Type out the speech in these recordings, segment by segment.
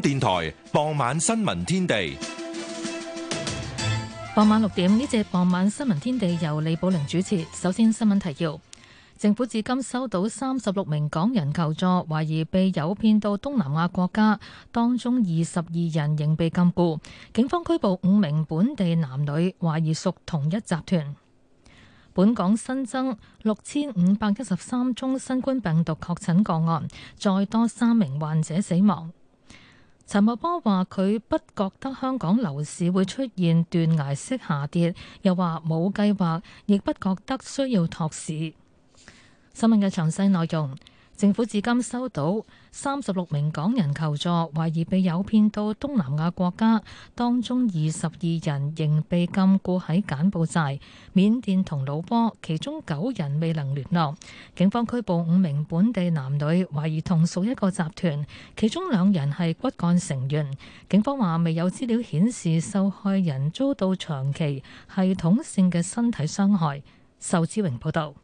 電台傍晚新聞天地，傍晚六點呢隻、這個、傍晚新聞天地由李寶玲主持。首先，新聞提要：政府至今收到三十六名港人求助，懷疑被誘騙到東南亞國家，當中二十二人仍被禁錮。警方拘捕五名本地男女，懷疑屬同一集團。本港新增六千五百一十三宗新冠病毒確診個案，再多三名患者死亡。陳茂波話，佢不覺得香港樓市會出現斷崖式下跌，又話冇計劃，亦不覺得需要托市。新聞嘅詳細內容。政府至今收到三十六名港人求助，懷疑被誘騙到東南亞國家，當中二十二人仍被禁錮喺柬埔寨、緬甸同老撾，其中九人未能聯絡。警方拘捕五名本地男女，懷疑同屬一個集團，其中兩人係骨幹成員。警方話未有資料顯示受害人遭到長期系統性嘅身體傷害。受志榮報道。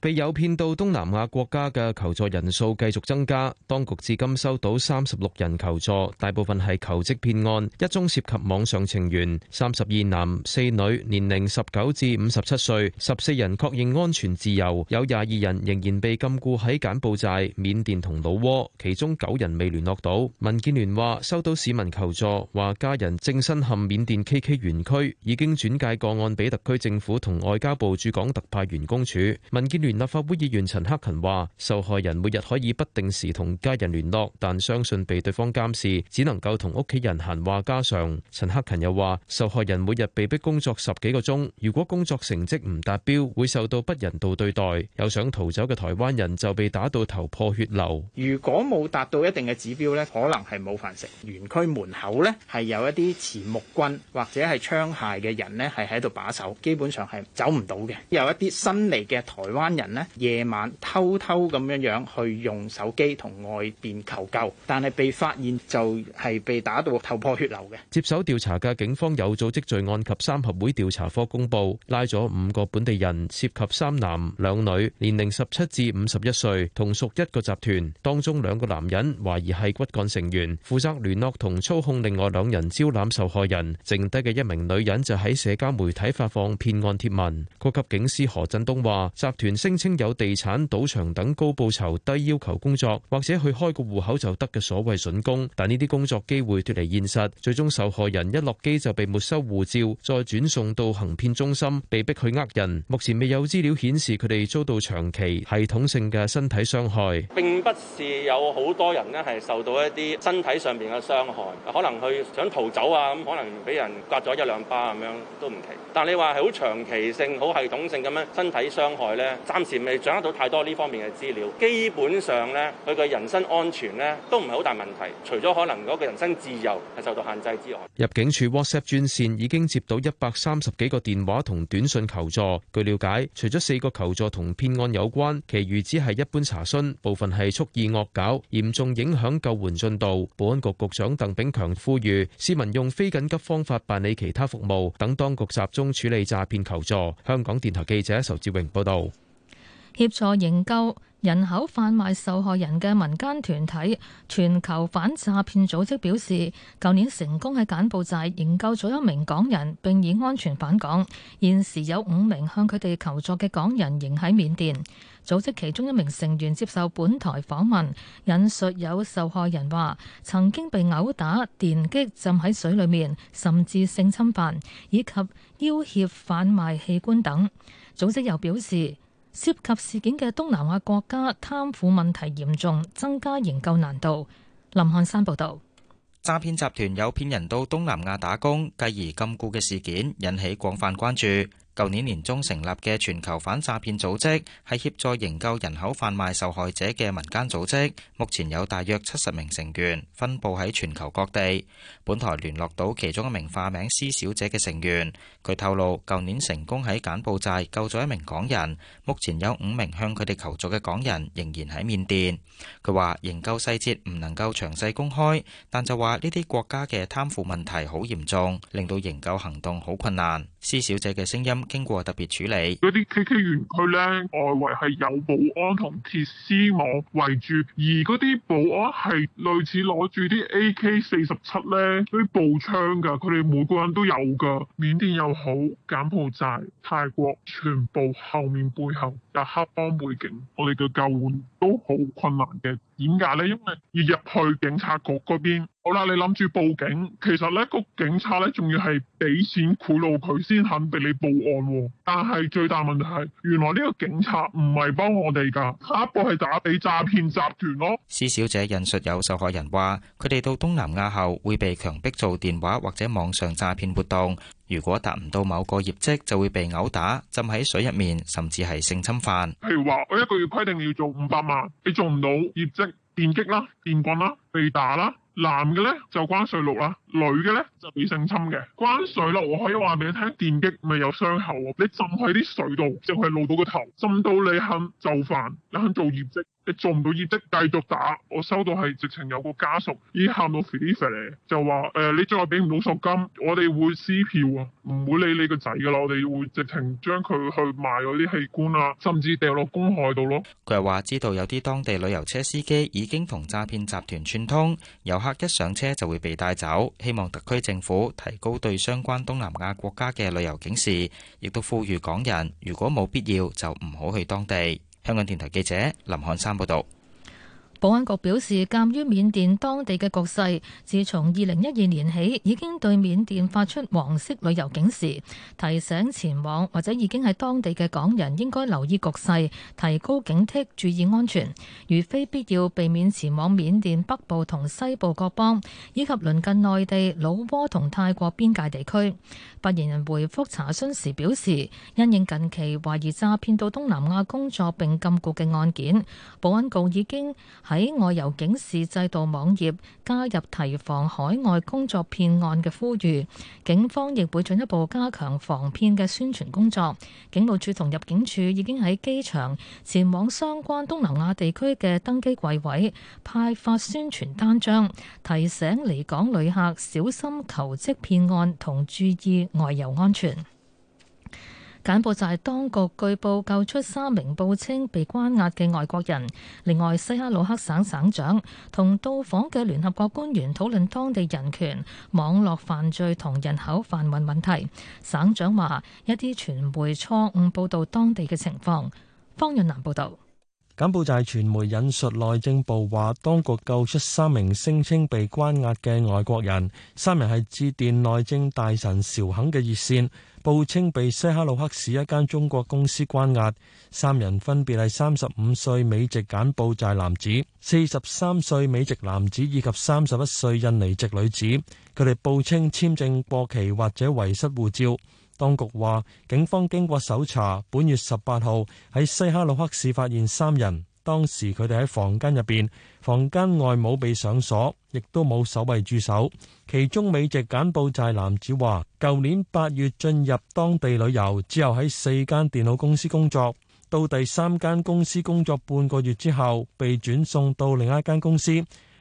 被誘騙到東南亞國家嘅求助人數繼續增加，當局至今收到三十六人求助，大部分係求職騙案，一宗涉及網上情緣，三十二男四女，年齡十九至五十七歲，十四人確認安全自由，有廿二人仍然被禁錮喺柬埔寨、緬甸同老撾，其中九人未聯絡到。民建聯話收到市民求助，話家人正身陷緬甸 KK 園區，已經轉介個案俾特區政府同外交部駐港特派員公署，民建聯。立法會議員陳克勤話：受害人每日可以不定時同家人聯絡，但相信被對方監視，只能夠同屋企人閒話家常。陳克勤又話：受害人每日被逼工作十幾個鐘，如果工作成績唔達標，會受到不人道對待。有想逃走嘅台灣人就被打到頭破血流。如果冇達到一定嘅指標呢，可能係冇飯食。園區門口呢係有一啲持木棍或者係槍械嘅人呢係喺度把守，基本上係走唔到嘅。有一啲新嚟嘅台灣。人呢，夜晚偷偷咁樣樣去用手機同外邊求救，但係被發現就係被打到頭破血流嘅。接手調查嘅警方有組織罪案及三合會調查科公佈，拉咗五個本地人涉及三男兩女，年齡十七至五十一歲，同屬一個集團。當中兩個男人懷疑係骨幹成員，負責聯絡同操控另外兩人招攬受害人。剩低嘅一名女人就喺社交媒體發放騙案帖文。高級警司何振東話：集團。聲稱有地產、賭場等高報酬、低要求工作，或者去開個戶口就得嘅所謂筍工，但呢啲工作機會脫離現實，最終受害人一落機就被沒收護照，再轉送到行騙中心，被逼去呃人。目前未有資料顯示佢哋遭到長期、系統性嘅身體傷害，並不是有好多人呢係受到一啲身體上面嘅傷害，可能佢想逃走啊，咁可能俾人刮咗一兩巴咁樣都唔奇。但你話係好長期性、好系統性咁樣身體傷害呢？暫時未掌握到太多呢方面嘅資料，基本上呢，佢嘅人身安全呢都唔係好大問題，除咗可能嗰個人身自由係受到限制之外。入境處 WhatsApp 專線已經接到一百三十幾個電話同短信求助。據瞭解，除咗四個求助同騙案有關，其餘只係一般查詢，部分係蓄意惡搞，嚴重影響救援進度。保安局局長鄧炳強呼籲市民用非緊急方法辦理其他服務，等當局集中處理詐騙求助。香港電台記者仇志榮報導。協助營救人口販賣受害人嘅民間團體全球反詐騙組織表示，舊年成功喺柬埔寨營救咗一名港人並已安全返港。現時有五名向佢哋求助嘅港人仍喺緬甸。組織其中一名成員接受本台訪問，引述有受害人話：曾經被毆打、電擊、浸喺水裡面，甚至性侵犯，以及要挾販賣器官等。組織又表示。涉及事件嘅東南亞國家貪腐問題嚴重，增加研究難度。林漢山報道。詐騙集團有騙人到東南亞打工，繼而禁錮嘅事件引起廣泛關注。舊年年中成立嘅全球反詐騙組織，係協助營救人口販賣受害者嘅民間組織。目前有大約七十名成員，分佈喺全球各地。本台聯絡到其中一名化名施小姐嘅成員，佢透露，舊年成功喺柬埔寨救咗一名港人。目前有五名向佢哋求助嘅港人仍然喺緬甸。佢話營救細節唔能夠詳細公開，但就話呢啲國家嘅貪腐問題好嚴重，令到營救行動好困難。施小姐嘅聲音經過特別處理。嗰啲 KK 園區呢，外圍係有保安同鐵絲網圍住，而嗰啲保安係類似攞住啲 AK 四十七呢，啲步槍噶，佢哋每個人都有噶。緬甸又好，柬埔寨、泰國全部後面背後。有黑幫背景，我哋嘅救援都好困難嘅。點解呢？因為要入去警察局嗰邊，好啦，你諗住報警，其實呢個警察呢，仲要係俾錢賄賂佢先肯俾你報案。但係最大問題係，原來呢個警察唔係幫我哋㗎。下一步係打俾詐騙集團咯。施小姐引述有受害人話，佢哋到東南亞後會被強迫做電話或者網上詐騙活動。如果達唔到某個業績，就會被毆打、浸喺水入面，甚至係性侵犯。譬如話，我一個月規定要做五百萬，你做唔到業績，電擊啦、電棍啦、被打啦。男嘅呢就關水牢啦，女嘅呢就俾性侵嘅。關水牢我可以話俾你聽，電擊咪有傷口喎，你浸喺啲水度，淨係露到個頭，浸到你肯就範，你肯做業績。你做唔到業績，繼續打。我收到係直情有個家屬已經喊到憤憤咧，就話誒、呃，你再俾唔到贖金，我哋會撕票啊，唔會理你個仔㗎喇，我哋會直情將佢去賣嗰啲器官啊，甚至掉落公海度咯。佢又話知道有啲當地旅遊車司機已經同詐騙集團串通，遊客一上車就會被帶走。希望特區政府提高對相關東南亞國家嘅旅遊警示，亦都呼籲港人如果冇必要就唔好去當地。香港電台記者林漢山報道。保安局表示，鑒於緬甸當地嘅局勢，自從二零一二年起已經對緬甸發出黃色旅遊警示，提醒前往或者已經係當地嘅港人應該留意局勢，提高警惕，注意安全，如非必要，避免前往緬甸北部同西部各邦以及鄰近內地老撾同泰國邊界地區。發言人回覆查詢時表示，因應近期懷疑詐騙到東南亞工作並禁錮嘅案件，保安局已經。喺外遊警示制度網頁加入提防海外工作騙案嘅呼籲，警方亦會進一步加強防騙嘅宣傳工作。警務處同入境處已經喺機場前往相關東南亞地區嘅登機櫃位派發宣傳單張，提醒離港旅客小心求職騙案同注意外遊安全。柬埔寨當局據報救出三名報稱被關押嘅外國人，另外西哈努克省省，省長同到訪嘅聯合國官員討論當地人權、網絡犯罪同人口販運問題。省長話一啲傳媒錯誤報導當地嘅情況。方潤南報導。柬埔寨傳媒引述內政部話，當局救出三名聲稱被關押嘅外國人，三人係致電內政大臣邵肯嘅熱線，報稱被西哈努克市一間中國公司關押。三人分別係三十五歲美籍柬埔寨男子、四十三歲美籍男子以及三十一歲印尼籍女子。佢哋報稱簽證過期或者遺失護照。當局話，警方經過搜查，本月十八號喺西哈努克市發現三人，當時佢哋喺房間入邊，房間外冇被上鎖，亦都冇守衛駐守。其中美籍柬埔寨男子話，舊年八月進入當地旅遊，之後喺四間電腦公司工作，到第三間公司工作半個月之後，被轉送到另一間公司。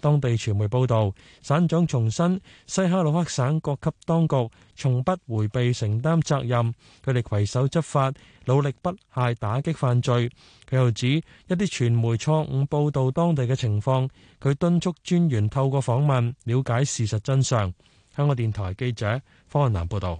當地傳媒報導，省長重申西哈魯克省各級當局從不迴避承擔責任，佢哋攜手執法，努力不懈打擊犯罪。佢又指一啲傳媒錯誤報導當地嘅情況，佢敦促專員透過訪問了解事實真相。香港電台記者方雲南報道。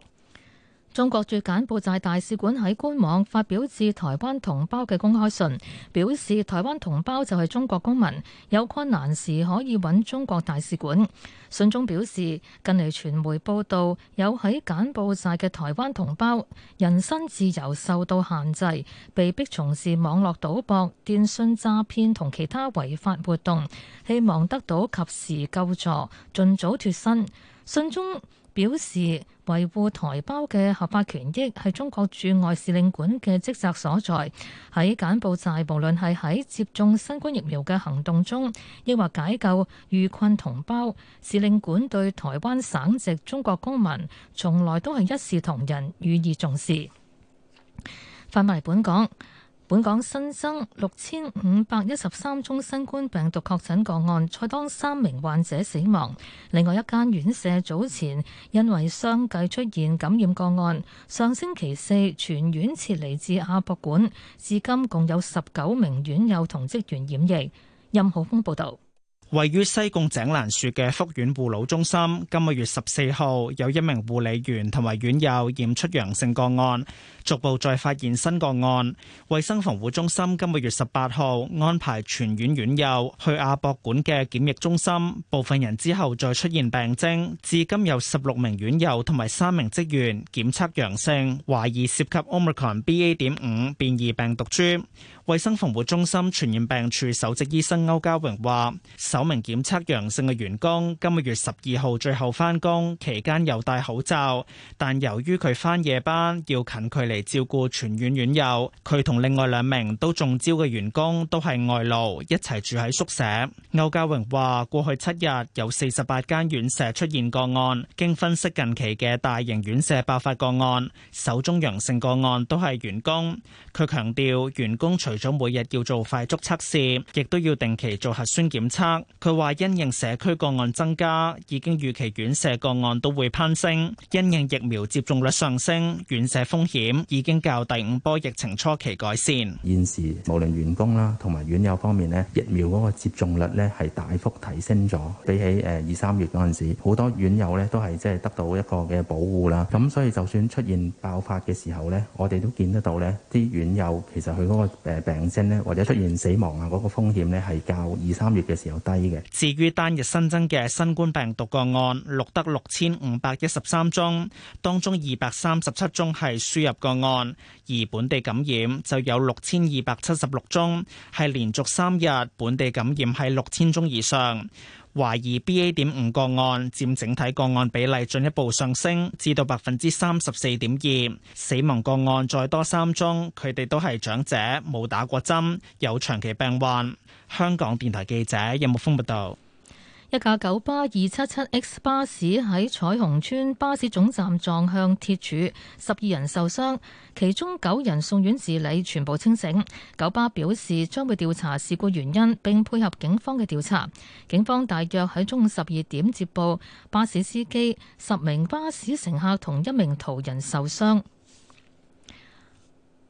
中國駐柬埔寨大使館喺官網發表致台灣同胞嘅公開信，表示台灣同胞就係中國公民，有困難時可以揾中國大使館。信中表示，近嚟傳媒報道有喺柬埔寨嘅台灣同胞，人身自由受到限制，被迫從事網絡賭博、電信詐騙同其他違法活動，希望得到及時救助，盡早脱身。信中表示。維護台胞嘅合法權益係中國駐外使領館嘅職責所在。喺柬埔寨，無論係喺接種新冠疫苗嘅行動中，抑或解救遇困同胞，使領館對台灣省籍中國公民從來都係一視同仁，予以重視。翻埋本港。本港新增六千五百一十三宗新冠病毒確診個案，再當三名患者死亡。另外一間院舍早前因為相繼出現感染個案，上星期四全院撤離至亞博館，至今共有十九名院友同職員染疫。任浩峰報道。位於西貢井欄樹嘅福苑護老中心，今個月十四號有一名護理員同埋院友驗出陽性個案，逐步再發現新個案。衛生防護中心今個月十八號安排全院院友去亞博館嘅檢疫中心，部分人之後再出現病徵，至今有十六名院友同埋三名職員檢測陽性，懷疑涉及 Omicron BA. 點五變異病毒株。衛生防護中心傳染病處首席醫生歐家榮話：首名檢測陽性嘅員工今個月十二號最後返工，期間有戴口罩，但由於佢翻夜班，要近距離照顧全院院友，佢同另外兩名都中招嘅員工都係外勞，一齊住喺宿舍。歐家榮話：，過去七日有四十八間院舍出現個案，經分析近期嘅大型院舍爆發個案，首宗陽性個案都係員工。佢強調，員工除除咗每日要做快速測試，亦都要定期做核酸檢測。佢話：因應社區個案增加，已經預期院舍個案都會攀升。因應疫苗接種率上升，院舍風險已經較第五波疫情初期改善。現時無論員工啦，同埋院友方面呢，疫苗嗰個接種率呢係大幅提升咗，比起誒二三月嗰陣時，好多院友呢都係即係得到一個嘅保護啦。咁所以就算出現爆發嘅時候呢，我哋都見得到呢，啲院友其實佢嗰個誒病徵咧，或者出現死亡啊，嗰個風險呢係較二三月嘅時候低嘅。至於單日新增嘅新冠病毒個案，錄得六千五百一十三宗，當中二百三十七宗係輸入個案，而本地感染就有六千二百七十六宗，係連續三日本地感染係六千宗以上。懷疑 B A 點五個案佔整體個案比例進一步上升，至到百分之三十四點二。死亡個案再多三宗，佢哋都係長者，冇打過針，有長期病患。香港電台記者任木峰報道。有一架九巴二七七 X 巴士喺彩虹村巴士總站撞向鐵柱，十二人受傷，其中九人送院治理，全部清醒。九巴表示將會調查事故原因，並配合警方嘅調查。警方大約喺中午十二點接報，巴士司機、十名巴士乘客同一名途人受傷。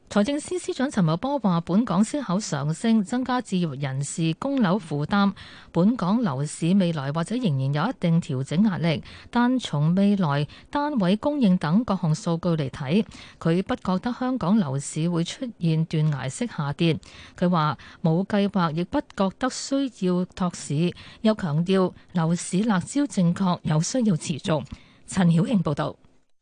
財政司司長陳茂波話：本港息口上升，增加置業人士供樓負擔。本港樓市未來或者仍然有一定調整壓力，但從未來單位供應等各項數據嚟睇，佢不覺得香港樓市會出現斷崖式下跌。佢話冇計劃，亦不覺得需要托市。又強調樓市辣招正確，有需要持續。陳曉慶報導。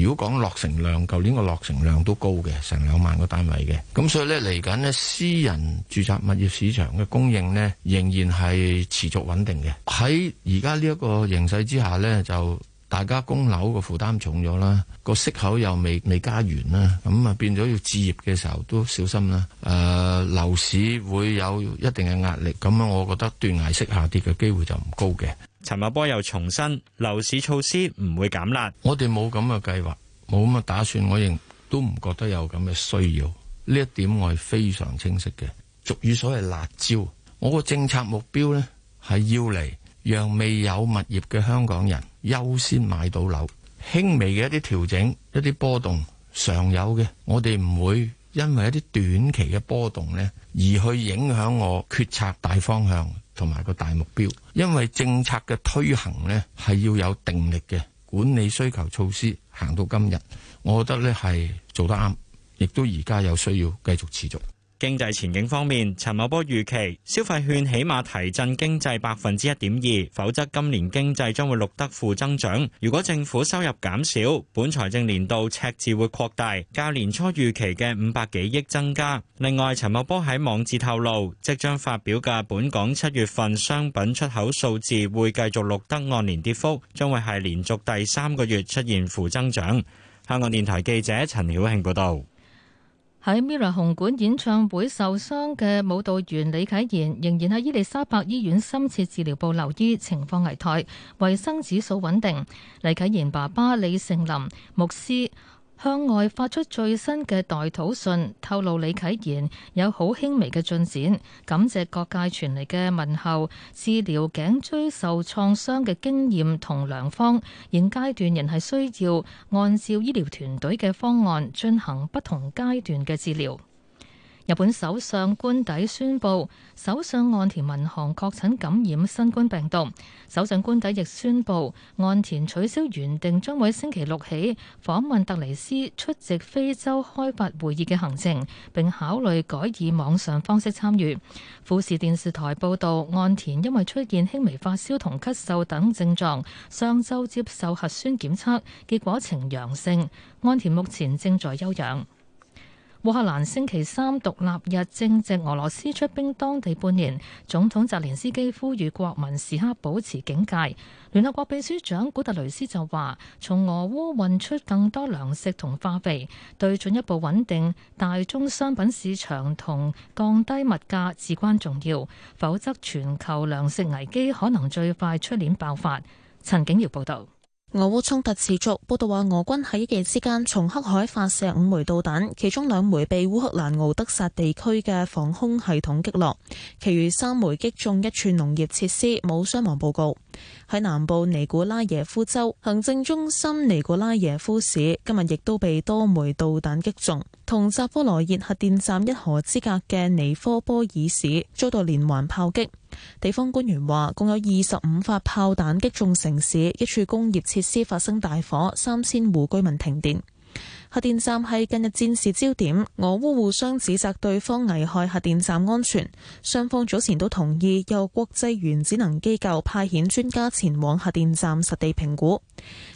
如果講落成量，舊年個落成量都高嘅，成兩萬個單位嘅，咁所以呢，嚟緊呢私人住宅物業市場嘅供應呢，仍然係持續穩定嘅。喺而家呢一個形勢之下呢，就。大家供樓個負擔重咗啦，個息口又未未加完啦，咁啊變咗要置業嘅時候都小心啦。誒、呃、樓市會有一定嘅壓力，咁樣我覺得斷崖式下跌嘅機會就唔高嘅。陳茂波又重申樓市措施唔會減辣，我哋冇咁嘅計劃，冇咁嘅打算，我亦都唔覺得有咁嘅需要。呢一點我係非常清晰嘅。俗語所謂辣椒，我個政策目標呢係要嚟讓未有物業嘅香港人。優先買到樓，輕微嘅一啲調整，一啲波動，常有嘅。我哋唔會因為一啲短期嘅波動呢，而去影響我決策大方向同埋個大目標。因為政策嘅推行呢，係要有定力嘅。管理需求措施行到今日，我覺得呢係做得啱，亦都而家有需要繼續持續。經濟前景方面，陳茂波預期消費券起碼提振經濟百分之一點二，否則今年經濟將會錄得負增長。如果政府收入減少，本財政年度赤字會擴大，較年初預期嘅五百幾億增加。另外，陳茂波喺網誌透露，即將發表嘅本港七月份商品出口數字會繼續錄得按年跌幅，將會係連續第三個月出現負增長。香港電台記者陳曉慶報道。喺 MIRROR 紅館演唱會受傷嘅舞蹈員李啟賢，仍然喺伊利沙伯醫院深切治療部留醫，情況危殆，維生指數穩定。李啟賢爸爸李成林牧師，向外發出最新嘅代禱信，透露李啟賢有好輕微嘅進展，感謝各界傳嚟嘅問候、治療頸椎受創傷嘅經驗同良方，現階段仍係需要按照醫療團隊嘅方案進行不同階段嘅治療。日本首相官邸宣布，首相岸田文雄確診感染新冠病毒。首相官邸亦宣布，岸田取消原定將會星期六起訪問突尼斯出席非洲開發會議嘅行程，並考慮改以網上方式參與。富士電視台報道，岸田因為出現輕微發燒同咳嗽等症狀，上周接受核酸檢測結果呈陽性，岸田目前正在休養。烏克蘭星期三獨立日正值俄羅斯出兵當地半年，總統澤連斯基呼籲國民時刻保持警戒。聯合國秘書長古特雷斯就話：從俄烏運出更多糧食同化肥，對進一步穩定大宗商品市場同降低物價至關重要。否則，全球糧食危機可能最快出年爆發。陳景堯報導。俄烏衝突持續，報道話俄軍喺一夜之間從黑海發射五枚導彈，其中兩枚被烏克蘭奧德薩地區嘅防空系統擊落，其餘三枚擊中一處農業設施，冇傷亡報告。喺南部尼古拉耶夫州行政中心尼古拉耶夫市今日亦都被多枚導彈擊中，同扎波羅熱核電站一河之隔嘅尼科波爾市遭到連環炮擊。地方官員話，共有二十五發炮彈擊中城市，一處工業設施發生大火，三千戶居民停電。核電站係近日戰事焦點，俄烏互相指責對方危害核電站安全。雙方早前都同意由國際原子能機構派遣專家前往核電站實地評估。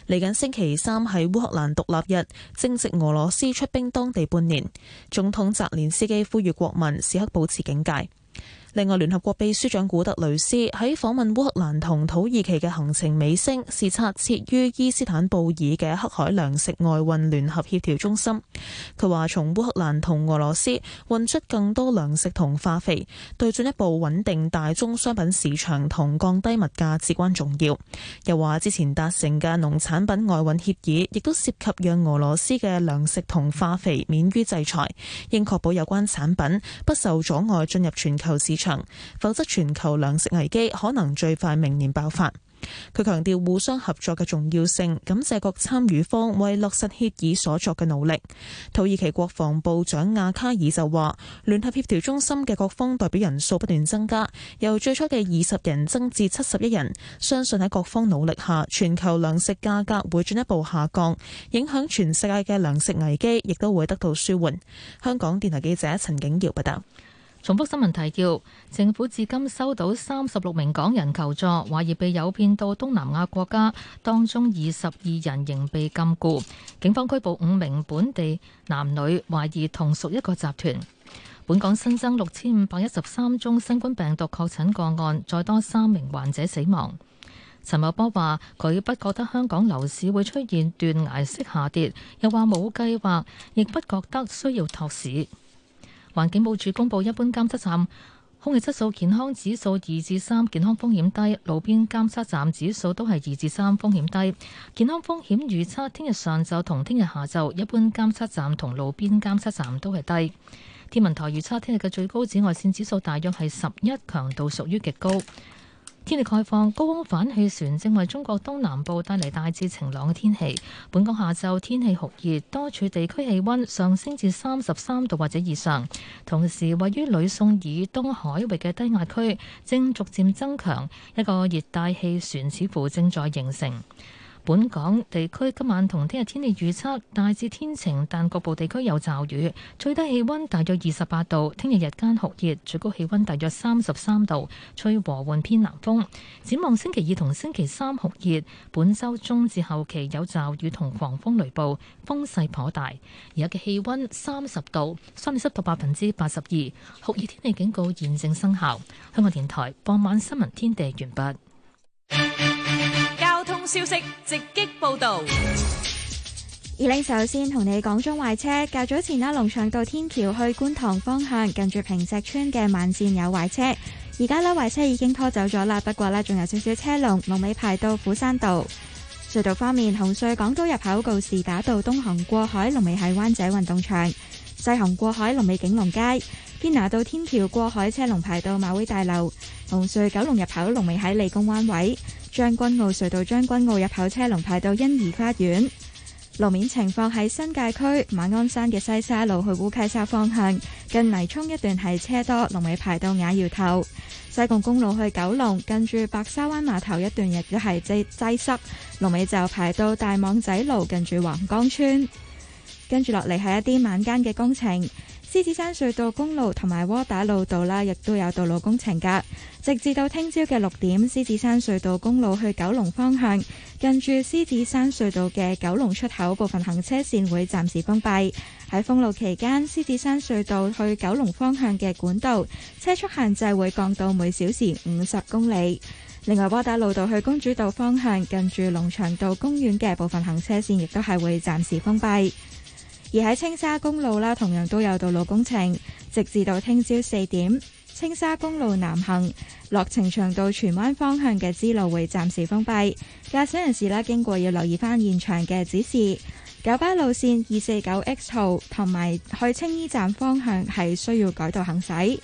嚟緊星期三係烏克蘭獨立日，正值俄羅斯出兵當地半年，總統澤連斯基呼籲國民時刻保持警戒。另外，聯合國秘書長古特雷斯喺訪問烏克蘭同土耳其嘅行程尾聲，視察設於伊斯坦布爾嘅黑海糧食外運聯合協調中心。佢話：從烏克蘭同俄羅斯運出更多糧食同化肥，對進一步穩定大宗商品市場同降低物價至關重要。又話之前達成嘅農產品外運協議，亦都涉及讓俄羅斯嘅糧食同化肥免於制裁，應確保有關產品不受阻礙進入全球市場。否則全球糧食危機可能最快明年爆發。佢強調互相合作嘅重要性，感謝各參與方為落實協議所作嘅努力。土耳其國防部長亞卡爾就話，聯合協調中心嘅各方代表人數不斷增加，由最初嘅二十人增至七十一人。相信喺各方努力下，全球糧食價格會進一步下降，影響全世界嘅糧食危機亦都會得到舒緩。香港電台記者陳景瑤報道。重複新聞提要：政府至今收到三十六名港人求助，懷疑被誘騙到東南亞國家，當中二十二人仍被禁錮。警方拘捕五名本地男女，懷疑同屬一個集團。本港新增六千五百一十三宗新冠病毒確診個案，再多三名患者死亡。陳茂波話：佢不覺得香港樓市會出現斷崖式下跌，又話冇計劃，亦不覺得需要托市。環境部署公布，一般監測站空氣質素健康指數二至三，健康風險低；路邊監測站指數都係二至三，風險低。健康風險預測，聽日上晝同聽日下晝，一般監測站同路邊監測站都係低。天文台預測，聽日嘅最高紫外線指數大約係十一，強度屬於極高。天氣概況，高温反氣旋正為中國東南部帶嚟大致晴朗嘅天氣。本港下晝天氣酷熱，多處地區氣温上升至三十三度或者以上。同時，位於呂宋以東海域嘅低壓區正逐漸增強，一個熱帶氣旋似乎正在形成。本港地區今晚同聽日天氣預測大致天晴，但局部地區有驟雨。最低氣温大約二十八度，聽日日間酷熱，最高氣温大約三十三度，吹和緩偏南風。展望星期二同星期三酷熱，本週中至後期有驟雨同狂風雷暴，風勢頗大。而家嘅氣温三十度，濕度百分之八十二，酷熱天氣警告現正生效。香港電台傍晚新聞天地完畢。消息直擊報道。二你首先同你講中壞車，較早前啦，龍翔道天橋去觀塘方向，近住坪石邨嘅慢線有壞車，而家呢，壞車已經拖走咗啦。不過呢，仲有少少車龍，龍尾排到斧山道隧道方面，紅隧港島入口告士打道東行過海龍尾喺灣仔運動場，西行過海龍尾景隆街，天拿道天橋過海車龍排到馬會大樓，紅隧九龍入口龍尾喺理工彎位。將軍澳隧道將軍澳入口車龍排到欣怡花園，路面情況喺新界區馬鞍山嘅西沙路去烏溪沙方向，近泥涌一段係車多，龍尾排到瓦窑頭；西貢公路去九龍，近住白沙灣碼頭一段亦都係擠擠塞，龍尾就排到大網仔路近住橫崗村。跟住落嚟係一啲晚間嘅工程。獅子山隧道公路同埋窩打路道啦，亦都有道路工程噶。直至到聽朝嘅六點，獅子山隧道公路去九龍方向，近住獅子山隧道嘅九龍出口部分行車線會暫時封閉。喺封路期間，獅子山隧道去九龍方向嘅管道車速限制會降到每小時五十公里。另外，窩打路道去公主道方向，近住龍翔道公園嘅部分行車線亦都係會暫時封閉。而喺青沙公路啦，同樣都有道路工程，直至到聽朝四點，青沙公路南行、落程長到荃灣方向嘅支路會暫時封閉，駕駛人士啦經過要留意翻現場嘅指示。九巴路線二四九 X 號同埋去青衣站方向係需要改道行駛。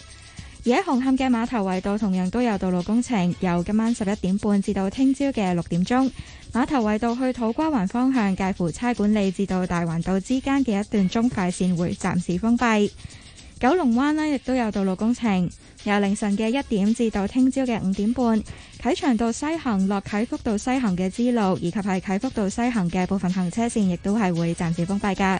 而喺紅磡嘅碼頭圍道同樣都有道路工程，由今晚十一點半至到聽朝嘅六點鐘，碼頭圍道去土瓜灣方向介乎差館里至到大環道之間嘅一段中快線會暫時封閉。九龍灣呢亦都有道路工程，由凌晨嘅一點至到聽朝嘅五點半，啟祥道西行、落啟福道西行嘅支路以及係啟福道西行嘅部分行車線，亦都係會暫時封閉㗎。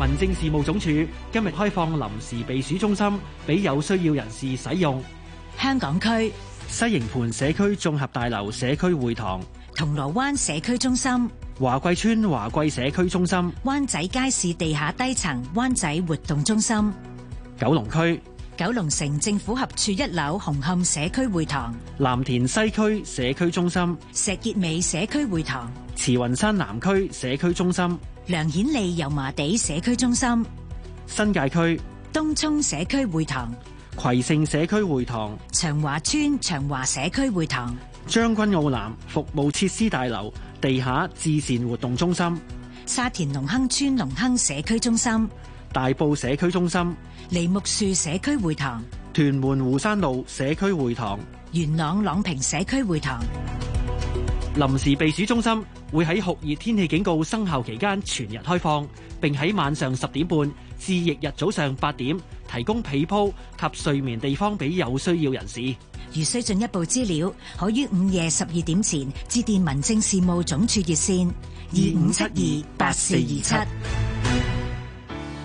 民政事務總署今日開放臨時避暑中心俾有需要人士使用，香港區西營盤社區綜合大樓、社區會堂、銅鑼灣社區中心、華貴村華貴社區中心灣仔街市地下低層灣仔活動中心、九龍區九龍城政府合署一樓紅磡社區會堂、藍田西區社區中心、石硖尾社區會堂、慈雲山南區社區中心、梁顯利油麻地社區中心、新界區東涌社區會堂、葵盛社區會堂、長華邨長華社區會堂、將軍澳南服務設施大樓地下至善活動中心、沙田隆亨邨隆亨社區中心、大埔社區中心。梨木樹社區會堂、屯門湖山路社區會堂、元朗朗平社區會堂，臨時避暑中心會喺酷熱天氣警告生效期間全日開放，並喺晚上十點半至翌日早上八點提供被鋪及睡眠地方俾有需要人士。如需進一步資料，可於午夜十二點前致電民政事務總署熱線二五七二八四二七。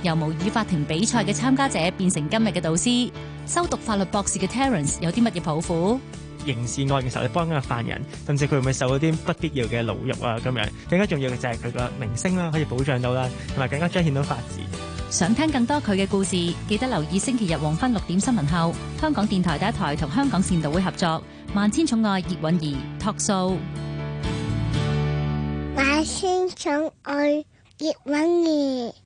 由模擬法庭比賽嘅參加者變成今日嘅導師？修讀法律博士嘅 Terence 有啲乜嘢抱負？刑事案嘅時候，你幫緊個犯人，甚至佢會唔會受到啲不必要嘅勞役啊。咁樣更加重要嘅就係佢個名聲啦，可以保障到啦，同埋更加彰顯到法治。想聽更多佢嘅故事，記得留意星期日黃昏六點新聞後，香港電台第一台同香港善導會合作《萬千寵愛葉蘊儀》Talk Show。萬千寵愛葉蘊儀。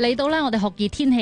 嚟到啦！我哋酷熱天氣。